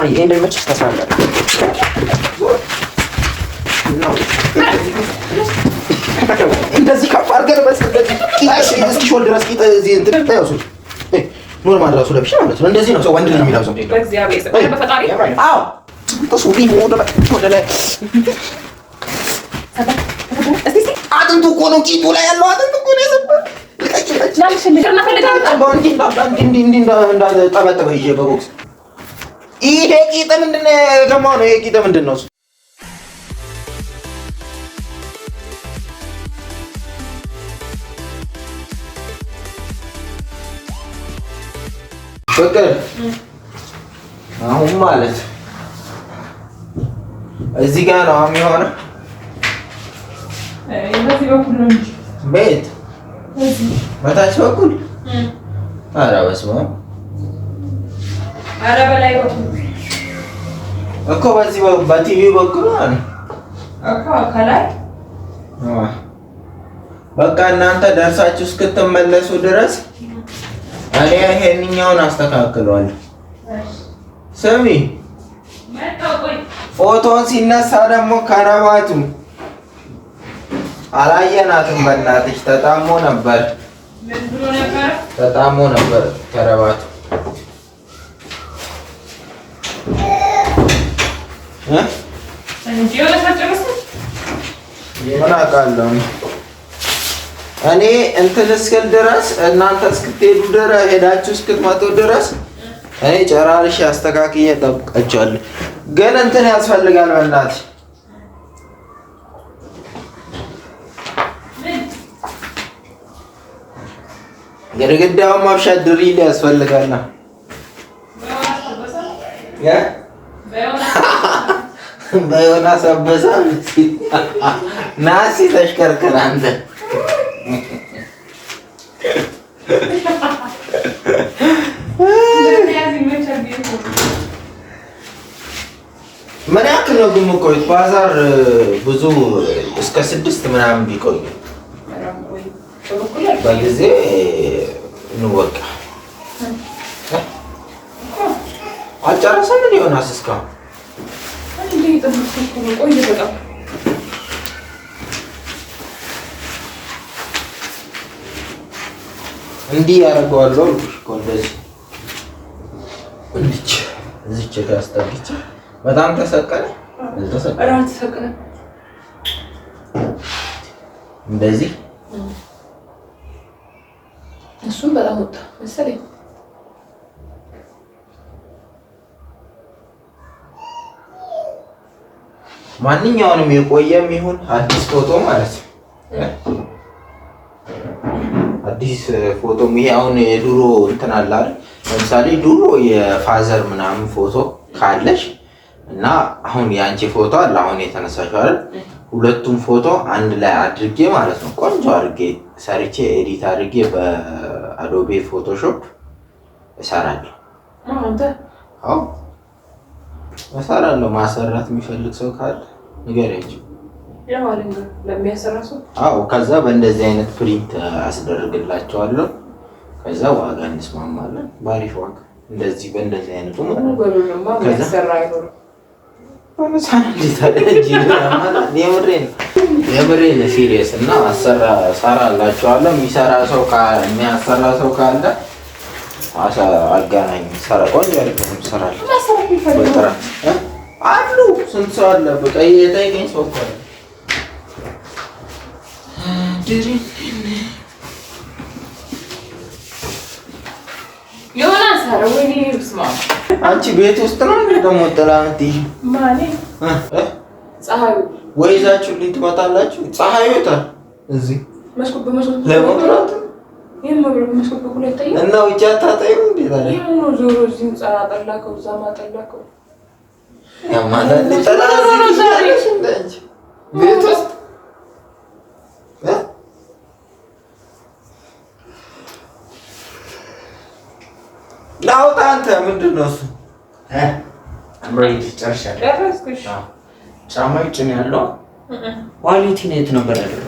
እንደዚህ ከፍ አድርገህ እስኪሾል ድረስ እዚህ ኖርማል ራሱ ለብሼ ማለት ነው። እንደዚህ ነው ሰው ወንድ ነው የሚለብሰው። አዎ አጥንቱ እኮ ነው ቂጡ ላይ ያለው አጥንት እኮ ነው የሰበር ልቀጭ ጠበጥበ ይዤ በቦክስ ይሄ ቂጥ ምንድን ደሞ ነው ይሄ ቂጥ ምንድን ነው? ፍቅር አሁን ማለት እዚህ ጋር ነው የሚሆነው። ቤት በታች በኩል ኧረ በስመ አብ እኮ በዚህ በቲቪ በኩል ከላይ በቃ እናንተ ደርሳችሁ እስክትመለሱ ድረስ እኔ ይሄንኛውን አስተካክለዋለሁ። ስሚ፣ ፎቶን ሲነሳ ደግሞ ከረባቱ አላየናትም። በእናትሽ ተጣሞ ነበር፣ ተጣሞ ነበር ከረባቱ እኔ እንትን እስክል ድረስ እናንተ እስክትሄዱ ድረስ ሄዳችሁ እስክትመጡ ድረስ እኔ ጨራርሽ አስተካክዬ እጠብቃቸዋለሁ። ግን እንትን ያስፈልጋል በእናት ግድግዳውን ማብሻት ድሪል ያስፈልጋል። በዮናስ አበሳ ናሲ ተሽከርከር አንተ ምን ያክል ነው ግን የምቆዩት? ባዛር ብዙ እስከ ስድስት ምናምን ቢቆዩ በጊዜ እንወቃ አጨረሰ ምን ይሆናስ እስካሁን እየጠበኩት ነው። ቆይ በጣም እንዲህ ያደርገዋለሁ። እንደዚህ እንዲች እዚች ጋር አስጠግቼ በጣም ተሰቀለ ተሰቀለ። እንደዚህ እሱም በጣም ወጣ መሰለኝ። ማንኛውንም የቆየም ይሁን አዲስ ፎቶ ማለት ነው። አዲስ ፎቶ ይሄ አሁን የድሮ እንትን አለ አይደል? ለምሳሌ ድሮ የፋዘር ምናምን ፎቶ ካለሽ እና አሁን የአንቺ ፎቶ አለ አሁን የተነሳሽው አይደል? ሁለቱም ፎቶ አንድ ላይ አድርጌ ማለት ነው ቆንጆ አድርጌ ሰርቼ ኤዲት አድርጌ በአዶቤ ፎቶሾፕ እሰራለሁ። አዎ እሰራለሁ። ማሰራት የሚፈልግ ሰው ካለ ንገሪያቸው። አዎ፣ ከዛ በእንደዚህ አይነት ፕሪንት አስደርግላቸዋለሁ። ከዛ ዋጋ እንስማማለን። ባሪፍ ዋጋ እንደዚህ በእንደዚህ አይነቱ ሲሪየስ እና የሚሰራ ሰው የሚያሰራ ሰው ካለ አጋናኝ ሰራ ያልኩ ይሰራል። አሉ ስንት ሰው አለ? በቃ ሰው አንቺ ቤት ውስጥ ነው ደግሞ ጥላ የምትይዥ ወይ ይዛችሁ ልኝ ፀሐዩ የታል? እዚህ ለመቁራት እና ውጭ አታጠይም እንዴ ታዲያ? ዞሮ እዚህም ፀራ አጠላከው። ቤት ውስጥ ላውጣ። አንተ ምንድን ነው እሱ? ጨርሻለሁ። ጫማ ውጭ ያለው። ዋሌቴን የት ነበር ያለው?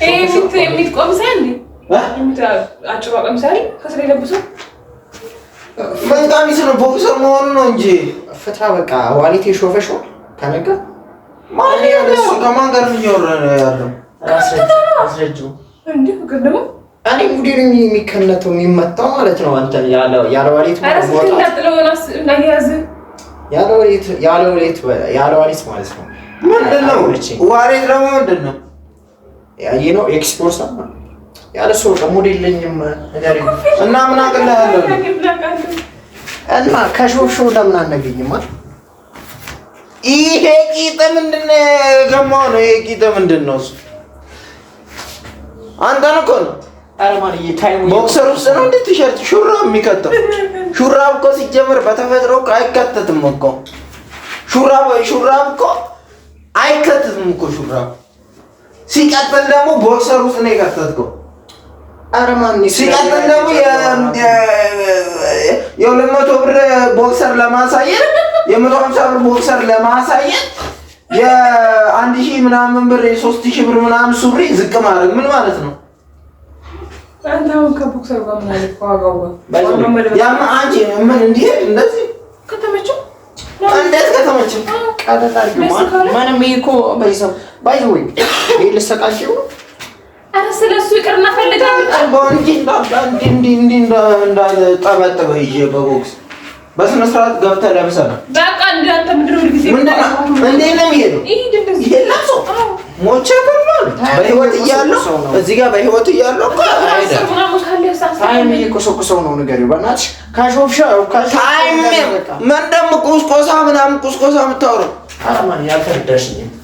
ምን ቀሚስ ነው? ቦክሰር መሆኑ ነው እንጂ ፍታ። በቃ ዋሊት የሾፈሽ ከነገ ከማን ጋር ያለው? የሚከነተው የሚመታው ማለት ነው። አንተ ያለ ዋሊት ያለ ዋሊት ማለት ነው። ምንድን ነው ዋሊት ደግሞ ምንድን ነው? ያየነው ኤክስፖርት ሰማ ያለ ሰው ሞዴል የለኝም ነገር እና ምን አቅልላለሁ እና ከሾሾ ለምን አ ይሄ ቂጥ ምንድን ደሞ ነው? ይሄ ቂጥ ምንድን ነው? አንተን እኮ ነው ቦክሰር ውስጥ ነው እንዴ ቲሸርት ሹራብ የሚከተው? ሹራብ እኮ ሲጀምር በተፈጥሮ እኮ አይከተትም እኮ ሹራብ ሹራብ እኮ አይከተትም እኮ ሹራብ ሲቀጥል ደግሞ ቦክሰር ውስጥ ነው የከተትከው። ኧረ ማን ሲቀጥል ደግሞ የሁለት መቶ ብር ቦክሰር ለማሳየት የመቶ ሀምሳ ብር ቦክሰር ለማሳየት የአንድ ሺህ ምናምን ብር የሶስት ሺህ ብር ምናምን ሱሪ ዝቅ ማድረግ ምን ማለት ነው? ያማ አንቺ ምን እንዲሄድ እንደዚህ ባይ ወይ ይሄ ልሰጣቸው ነው። አረ ስለሱ ይቅርና እንዳጠበጥበ በቦክስ በስነ ስርዓት ገብተህ ለብሰህ በቃ እንዳንተ ምድረው በህይወት እያለሁ እዚህ ጋር በህይወት እያለሁ ታይም ነው። ነገር ካሾፍሻ ታይም ቁስቆሳ ምናምን ቁስቆሳ የምታወራው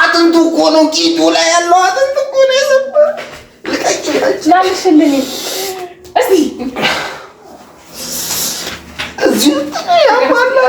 አጥንቱ እኮ ነው ቂጡ ላይ ያለው አጥንት እኮ ነው የሰበር። ልቀቂላችላልሽልኝ እስቲ እዚህ ያማላል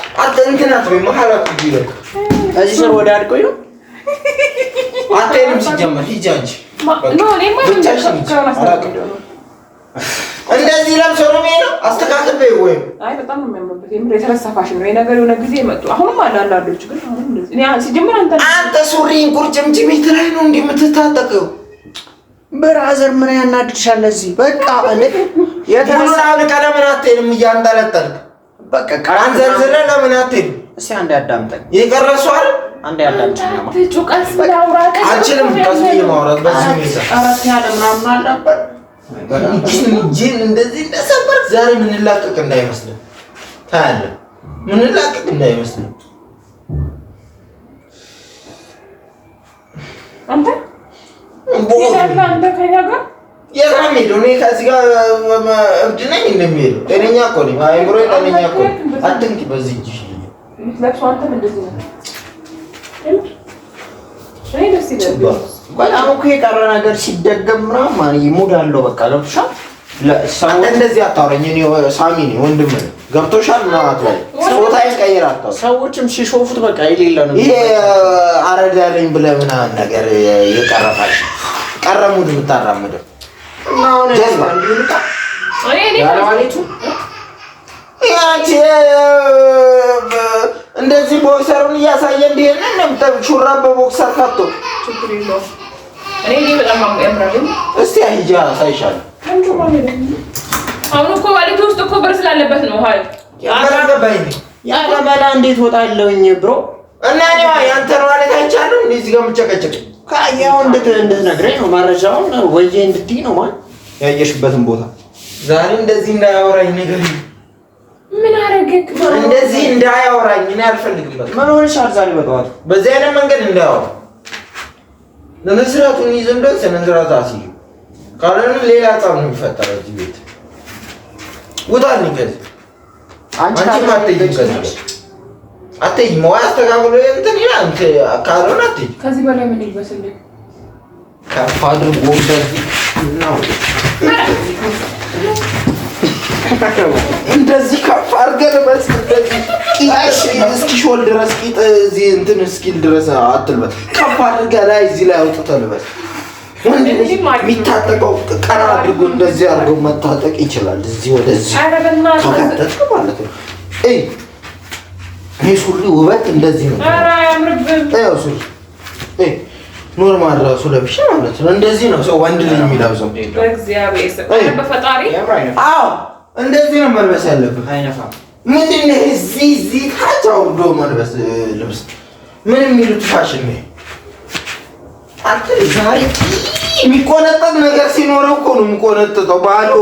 አንተ እንትን አትበይ መሀል አትበይ። በቃ እዚህ ስር ወደ አድቆኝ ነው ሲጀመር እንደዚህ ለብሶ ነው ወይም አይ በጣም ነው የሚያምርበት። የምር የተረሳ ፋሽን ነው የነገር የሆነ ጊዜ መጡ። አሁንም አለ አንዳንዶች ግን አንተ አንተ ሱሪን ቁርጭምጭሚት ላይ ነው እንዲህ የምትታጠቀው። ብራዘር ምን ያናድድሻል? እዚህ በቃ የተረሳ ቀለምን አትሄድም እያንጠለጠልክ በቃ ቀራን ዘርዝረ ለምን አትል? እስኪ አንዴ አዳምጠኝ። ይቀረሷል አንዴ አዳምጠኝ። እንደዚህ ዛሬ ምንላቀቅ እንዳይመስልህ ታያለህ። ምንላቀቅ እንዳይመስልህ አንተ የት እኔ ከዚህ ጋር እብድ ነኝ እንደሚሄደው ጤነኛ እኮ ነኝ። አይምሮ ጤነኛ እኮ አትንኪ። በዚህ እጅሽ በጣም እኮ የቀረ ነገር ሲደገም ምናምን ሙድ አለው። በቃ ገብቶሻል። እንደዚህ አታውረኝ። ሳሚ ነኝ፣ ወንድም ነኝ። ገብቶሻል። ምናምን ቦታ ይቀይር አታውረኝ። ሰዎችም ሲሾፉት በቃ የሌለ ነው ይሄ አረዳለኝ ብለህ ምናምን ነገር የቀረፋሽ ቀረ ሙድ የምታራምደው እንደዚህ ቦክሰሩን እያሳየ እንዲሄድ ነው። ሹራብ በቦክሰር ካቶ እስቲ ሂጂ አሳይሻለሁ። አሁን እኮ ባለቤት ውስጥ እኮ ብር ስላለበት ነው። ያለ መላ እንዴት ወጣለሁኝ ብሮ እና ያንተን ማለት አይቻልም እዚህ ጋር የምጨቀጭቅ ከአያው እንድትነግረኝ ነው መረጃውን ወዬ እንድትይ ነው ማለት ያየሽበትን ቦታ ዛሬ እንደዚህ እንዳያወራኝ ነገር ምን አረገክ? እንደዚህ እንዳያወራኝ እኔ አልፈልግም። ምን ሆነሻል? ዛሬ በጠዋት በዚህ አይነት መንገድ እንዳያወራ ለመስራቱን ይዘ እንደው ስነስርዓት አስይዙ ካልሆነ ሌላ ጣም ነው የሚፈጠረው እዚህ ቤት ውጣልኝ ከዚህ አንቺ ማትይኝ ከዚህ አትሄጂም። መዋይ አስተካክሎ እንትን ይላል። ካልሆነ አትሄጂም። ከዚህ በላይ ምን ይልበስልኝ? ከፍ አድርጎ እንደዚህ ከፍ አድርገህ ልበስ። እስኪሾል ድረስ ቂጥ እዚህ እንትን እስኪል ድረስ አትልበት። ከፍ አድርገህ ላይ እዚህ ላይ አውጥተህ ልበት። ወንድ ልጅ የሚታጠቀው ቀና አድርጎ እንደዚህ አድርጎ መታጠቅ ይችላል። እዚህ ወደዚህ ከቀጠጠ ማለት ነው። ይህ ውበት እንደዚህ ነው። ኖርማል ራሱ ለብሼ ማለት ነው። እንደዚህ ነው ሰው ወንድ ልጅ የሚለብሰው። አዎ እንደዚህ ነው መልበስ ያለብህ። ምንድን ነው እዚህ እዚህ መልበስ ልብስ ምን የሚሉት ፋሽን ነው? ዛሬ የሚቆነጠጥ ነገር ሲኖረው እኮ ነው የሚቆነጥጠው። ባዶ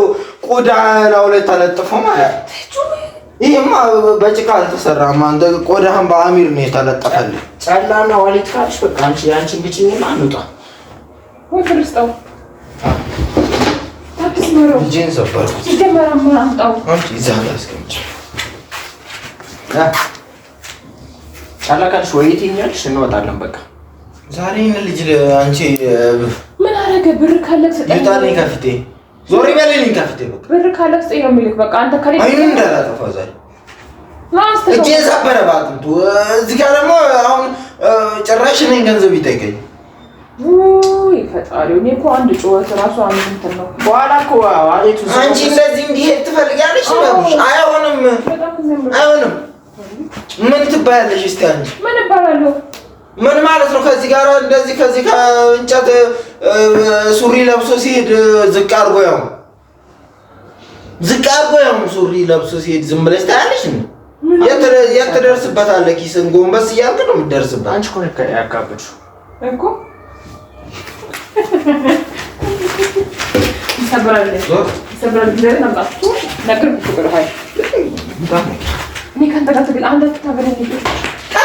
ቆዳናው ላይ ተለጥፎ ማለት ይሄማ በጭቃ አልተሰራም። አንተ ቆዳህን በአሚር ነው የተለጠፈልህ። ጸላና ዋሊት ካልሽ በቃ አንቺ ያንቺን ግጭኝና አንውጣ እንወጣለን። በቃ ዛሬ ልጅ አንቺ ምን አደረገ? ብር ካለ ከፊቴ ዞር ይበልልኝ ከፊቴ። በቃ ብር ካለ ውስጥ ነው የሚልክ። በቃ አንተ ከሌለ አይኑ እንዳላጠፋ ዛሬ እጄ የሳበረ በአጥንቱ እዚህ ጋር ደግሞ አሁን ጭራሽ እኔን ገንዘብ ይጠይቀኝ። ይፈጣሪ እኔ እኮ አንድ ጩኸት ራሱ አንድ እንትን ነው። በኋላ እኮ አቤቱ አንቺ እንደዚህ እንዲሄድ ትፈልጊያለሽ? አይሆንም፣ አይሆንም። ምን ትባያለሽ እስቲ አንቺ? ምን እባላለሁ? ምን ማለት ነው? ከዚህ ጋር እንደዚህ ከዚህ ከእንጨት ሱሪ ለብሶ ሲሄድ ዝቅ አድርጎ ያው ዝቅ አድርጎ ያው ሱሪ ለብሶ ሲሄድ ዝም ብለሽ ታያለሽ። የት ትደርስበታለህ? ኪስን ጎንበስ እያልክ ነው የምትደርስበት። አንቺ እኮ ነው ያካበድሽው እኮ ይሰበራል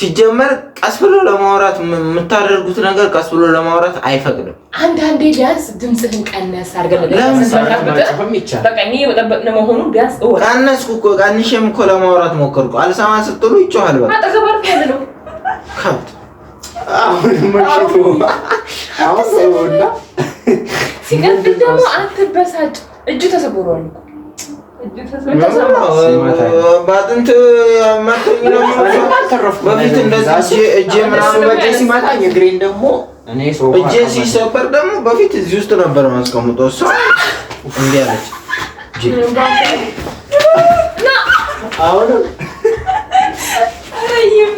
ሲጀመር ቀስ ብሎ ለማውራት የምታደርጉት ነገር ቀስ ብሎ ለማውራት አይፈቅድም። አንዳንዴ ቢያንስ ድምፅህን ቀነስ ቀነስኩ እኮ ቀንሼም እኮ ለማውራት ሞከርኩ። አልሰማ ስትሉ ይጮሃል። ሲቀጥል ደግሞ አትበሳጭ፣ እጁ ተሰብሯል። እኮ በአጥንት መቶኝ ነው በፊት እንደዚህ እጄ ምናምን በእጄ ሲመታኝ እግሬን ደግሞ እጄ ሲሰበር ደግሞ በፊት እዚህ ውስጥ ነበር ማስቀምጠው። እሷ እንዲህ አለች።